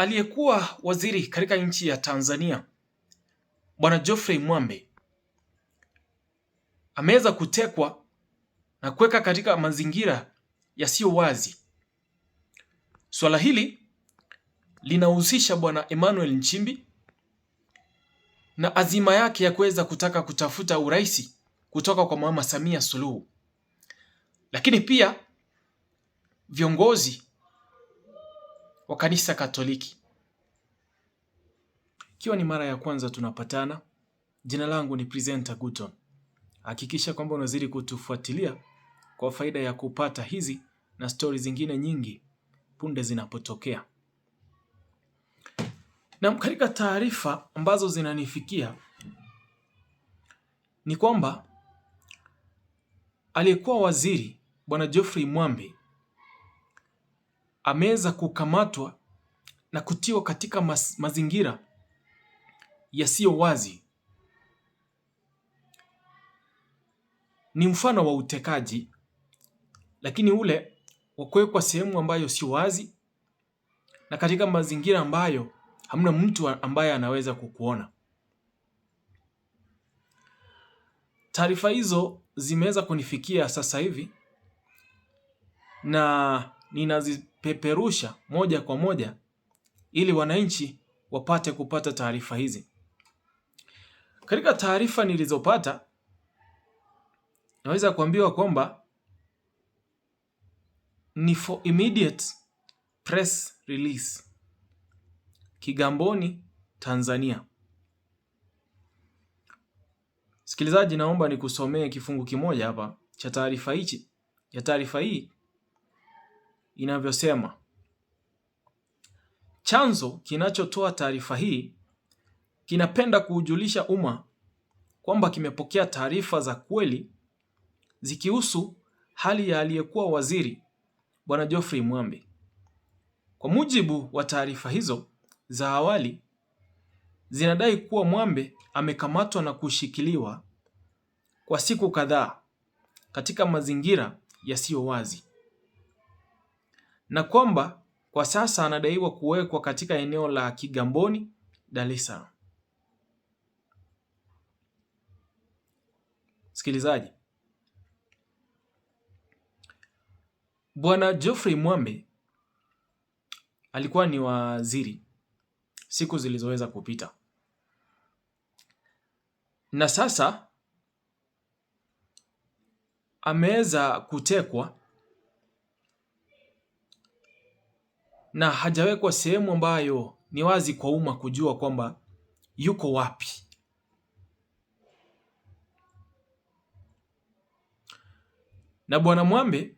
aliyekuwa waziri katika nchi ya Tanzania Bwana Geoffrey Mwambe ameweza kutekwa na kuweka katika mazingira yasiyo wazi. Swala hili linahusisha Bwana Emmanuel Nchimbi na azima yake ya kuweza kutaka kutafuta uraisi kutoka kwa Mama Samia Suluhu, lakini pia viongozi wa Kanisa Katoliki. Ikiwa ni mara ya kwanza tunapatana, jina langu ni Presenter Guton. Hakikisha kwamba unazidi kutufuatilia kwa faida ya kupata hizi na stori zingine nyingi punde zinapotokea. Na katika taarifa ambazo zinanifikia ni kwamba aliyekuwa waziri Bwana Geoffrey Mwambe ameweza kukamatwa na kutiwa katika mas, mazingira yasiyo wazi. Ni mfano wa utekaji, lakini ule wa kuwekwa sehemu ambayo sio wazi na katika mazingira ambayo hamna mtu ambaye anaweza kukuona. Taarifa hizo zimeweza kunifikia sasa hivi na ninazipeperusha moja kwa moja ili wananchi wapate kupata taarifa hizi. Katika taarifa nilizopata naweza kuambiwa kwamba ni for immediate press release Kigamboni, Tanzania. Msikilizaji, naomba nikusomee kifungu kimoja hapa cha taarifa hichi ya taarifa hii inavyosema, chanzo kinachotoa taarifa hii kinapenda kuujulisha umma kwamba kimepokea taarifa za kweli zikihusu hali ya aliyekuwa waziri Bwana Geoffrey Mwambe. Kwa mujibu wa taarifa hizo za awali, zinadai kuwa Mwambe amekamatwa na kushikiliwa kwa siku kadhaa katika mazingira yasiyo wazi na kwamba kwa sasa anadaiwa kuwekwa katika eneo la Kigamboni, Dar es Salaam. Msikilizaji, Bwana Geoffrey Mwambe alikuwa ni waziri siku zilizoweza kupita, na sasa ameweza kutekwa na hajawekwa sehemu ambayo ni wazi kwa umma kujua kwamba yuko wapi. Na Bwana Mwambe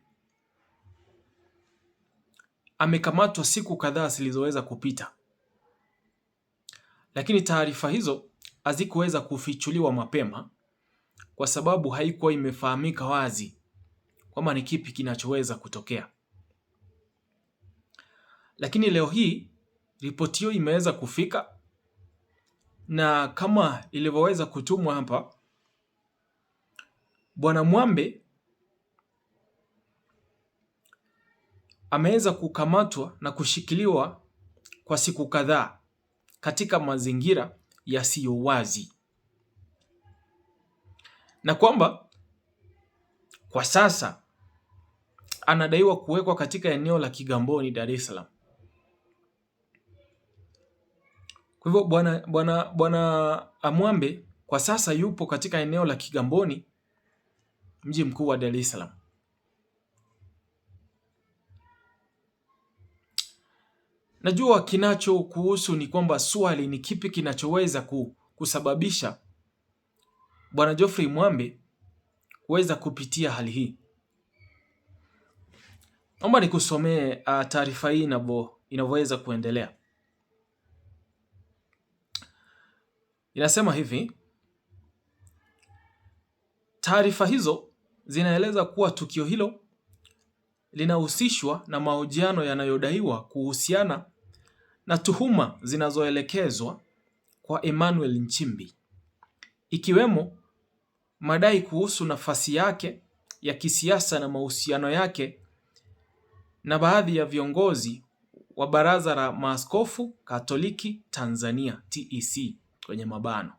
amekamatwa siku kadhaa zilizoweza kupita, lakini taarifa hizo hazikuweza kufichuliwa mapema kwa sababu haikuwa imefahamika wazi kwamba ni kipi kinachoweza kutokea. Lakini leo hii ripoti hiyo imeweza kufika na kama ilivyoweza kutumwa hapa, Bwana Mwambe ameweza kukamatwa na kushikiliwa kwa siku kadhaa katika mazingira yasiyo wazi, na kwamba kwa sasa anadaiwa kuwekwa katika eneo la Kigamboni, Dar es Salaam. Kwa hivyo bwana bwana bwana Amwambe kwa sasa yupo katika eneo la Kigamboni, mji mkuu wa Dar es Salaam. Najua kinachokuhusu ni kwamba swali ni kipi kinachoweza kusababisha Bwana Geoffrey Mwambe kuweza kupitia hali hii. Naomba nikusomee ah, taarifa hii inavyoweza kuendelea. Inasema hivi, taarifa hizo zinaeleza kuwa tukio hilo linahusishwa na mahojiano yanayodaiwa kuhusiana na tuhuma zinazoelekezwa kwa Emmanuel Nchimbi, ikiwemo madai kuhusu nafasi yake ya kisiasa na mahusiano yake na baadhi ya viongozi wa Baraza la Maaskofu Katoliki Tanzania TEC kwenye mabano.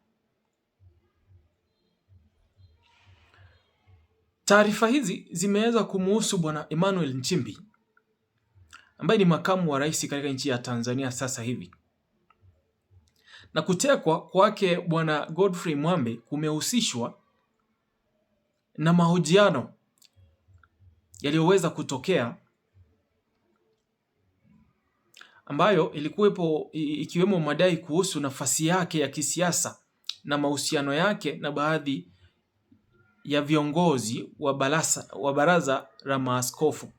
Taarifa hizi zimeweza kumuhusu Bwana Emmanuel Nchimbi ambaye ni makamu wa rais katika nchi ya Tanzania sasa hivi, na kutekwa kwake Bwana Godfrey Mwambe kumehusishwa na mahojiano yaliyoweza kutokea ambayo ilikuwepo ikiwemo madai kuhusu nafasi yake ya kisiasa na mahusiano yake na baadhi ya viongozi wa Baraza, wa Baraza la Maaskofu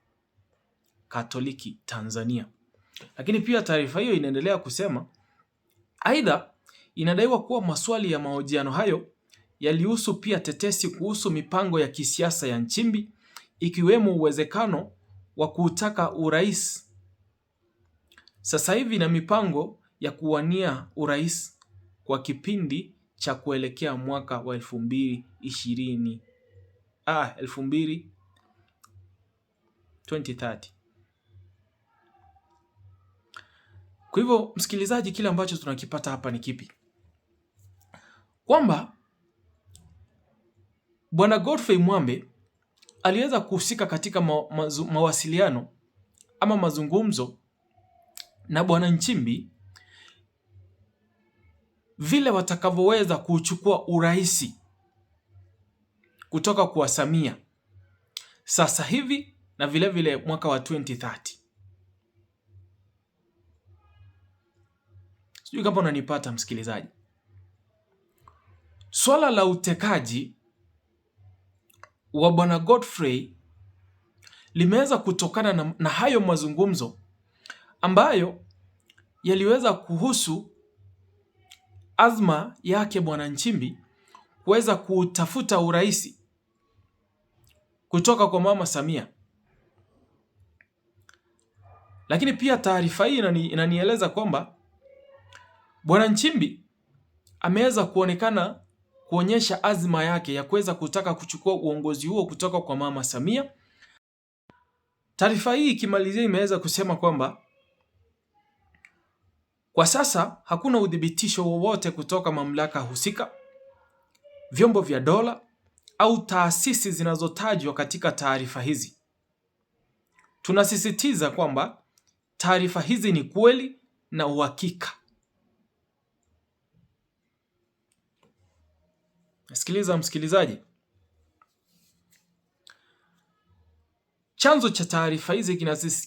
Katoliki Tanzania. Lakini pia taarifa hiyo inaendelea kusema, aidha inadaiwa kuwa maswali ya mahojiano hayo yalihusu pia tetesi kuhusu mipango ya kisiasa ya Nchimbi ikiwemo uwezekano wa kuutaka urais sasa hivi ina mipango ya kuwania urais kwa kipindi cha kuelekea mwaka wa elfu mbili ishirini ah, elfu mbili 2030. Kwa hivyo msikilizaji, kile ambacho tunakipata hapa ni kipi? Kwamba Bwana Godfrey Mwambe aliweza kuhusika katika ma ma mawasiliano ama mazungumzo na Bwana Nchimbi vile watakavyoweza kuuchukua urahisi kutoka kwa Samia sasa hivi na vile vile mwaka wa 2030. Sijui kama unanipata msikilizaji. Swala la utekaji wa Bwana Godfrey limeweza kutokana na, na hayo mazungumzo ambayo yaliweza kuhusu azma yake Bwana Nchimbi kuweza kutafuta urais kutoka kwa Mama Samia. Lakini pia taarifa hii inani, inanieleza kwamba Bwana Nchimbi ameweza kuonekana kuonyesha azma yake ya kuweza kutaka kuchukua uongozi huo kutoka kwa Mama Samia. Taarifa hii ikimalizia imeweza kusema kwamba kwa sasa hakuna udhibitisho wowote kutoka mamlaka husika, vyombo vya dola au taasisi zinazotajwa katika taarifa hizi. Tunasisitiza kwamba taarifa hizi ni kweli na uhakika. Sikiliza msikilizaji, chanzo cha taarifa hizi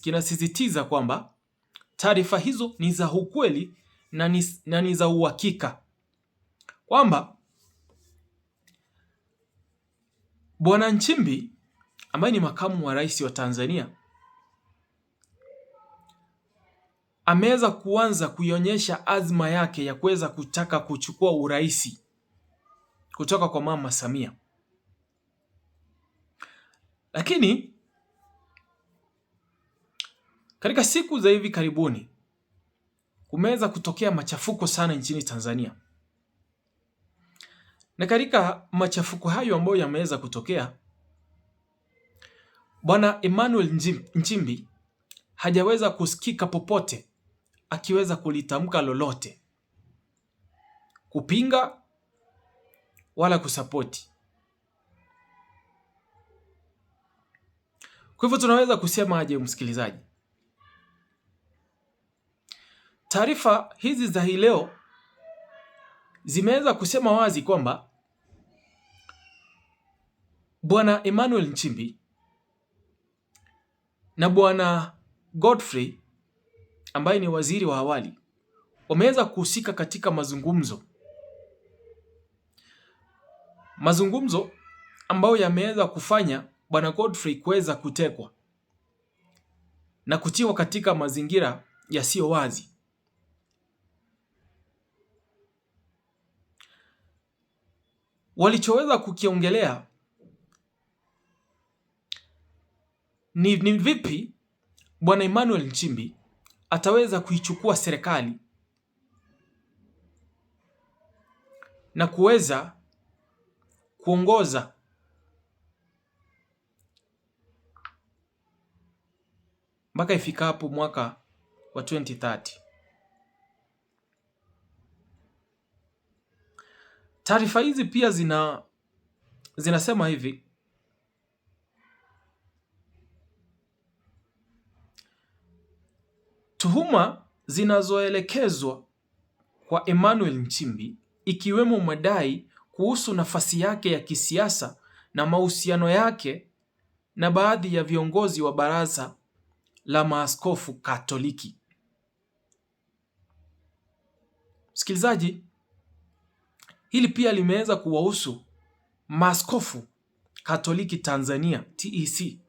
kinasisitiza kwamba taarifa hizo ni za ukweli na ni, na ni za uhakika kwamba Bwana Nchimbi ambaye ni makamu wa rais wa Tanzania ameweza kuanza kuionyesha azma yake ya kuweza kutaka kuchukua uraisi kutoka kwa Mama Samia, lakini katika siku za hivi karibuni kumeweza kutokea machafuko sana nchini Tanzania, na katika machafuko hayo ambayo yameweza kutokea, Bwana Emmanuel Nchimbi hajaweza kusikika popote akiweza kulitamka lolote kupinga wala kusapoti. Kwa hivyo tunaweza kusema aje, msikilizaji? Taarifa hizi za hii leo zimeweza kusema wazi kwamba Bwana Emmanuel Nchimbi na Bwana Godfrey ambaye ni waziri wa awali wameweza kuhusika katika mazungumzo, mazungumzo ambayo yameweza kufanya Bwana Godfrey kuweza kutekwa na kutiwa katika mazingira yasiyo wazi. walichoweza kukiongelea ni, ni vipi Bwana Emmanuel Nchimbi ataweza kuichukua serikali na kuweza kuongoza mpaka ifikapo mwaka wa 2030. Taarifa hizi pia zina zinasema hivi tuhuma zinazoelekezwa kwa Emmanuel Nchimbi ikiwemo madai kuhusu nafasi yake ya kisiasa na mahusiano yake na baadhi ya viongozi wa Baraza la Maaskofu Katoliki. Msikilizaji, Hili pia limeweza kuwahusu maskofu Katoliki Tanzania TEC.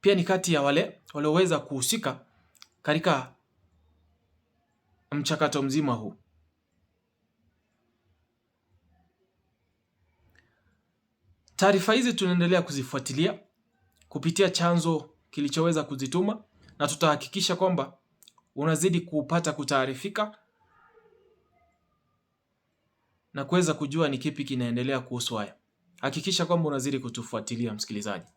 Pia ni kati ya wale walioweza kuhusika katika mchakato mzima huu. Taarifa hizi tunaendelea kuzifuatilia kupitia chanzo kilichoweza kuzituma na tutahakikisha kwamba unazidi kupata kutaarifika na kuweza kujua ni kipi kinaendelea kuhusu haya. Hakikisha kwamba unazidi kutufuatilia msikilizaji.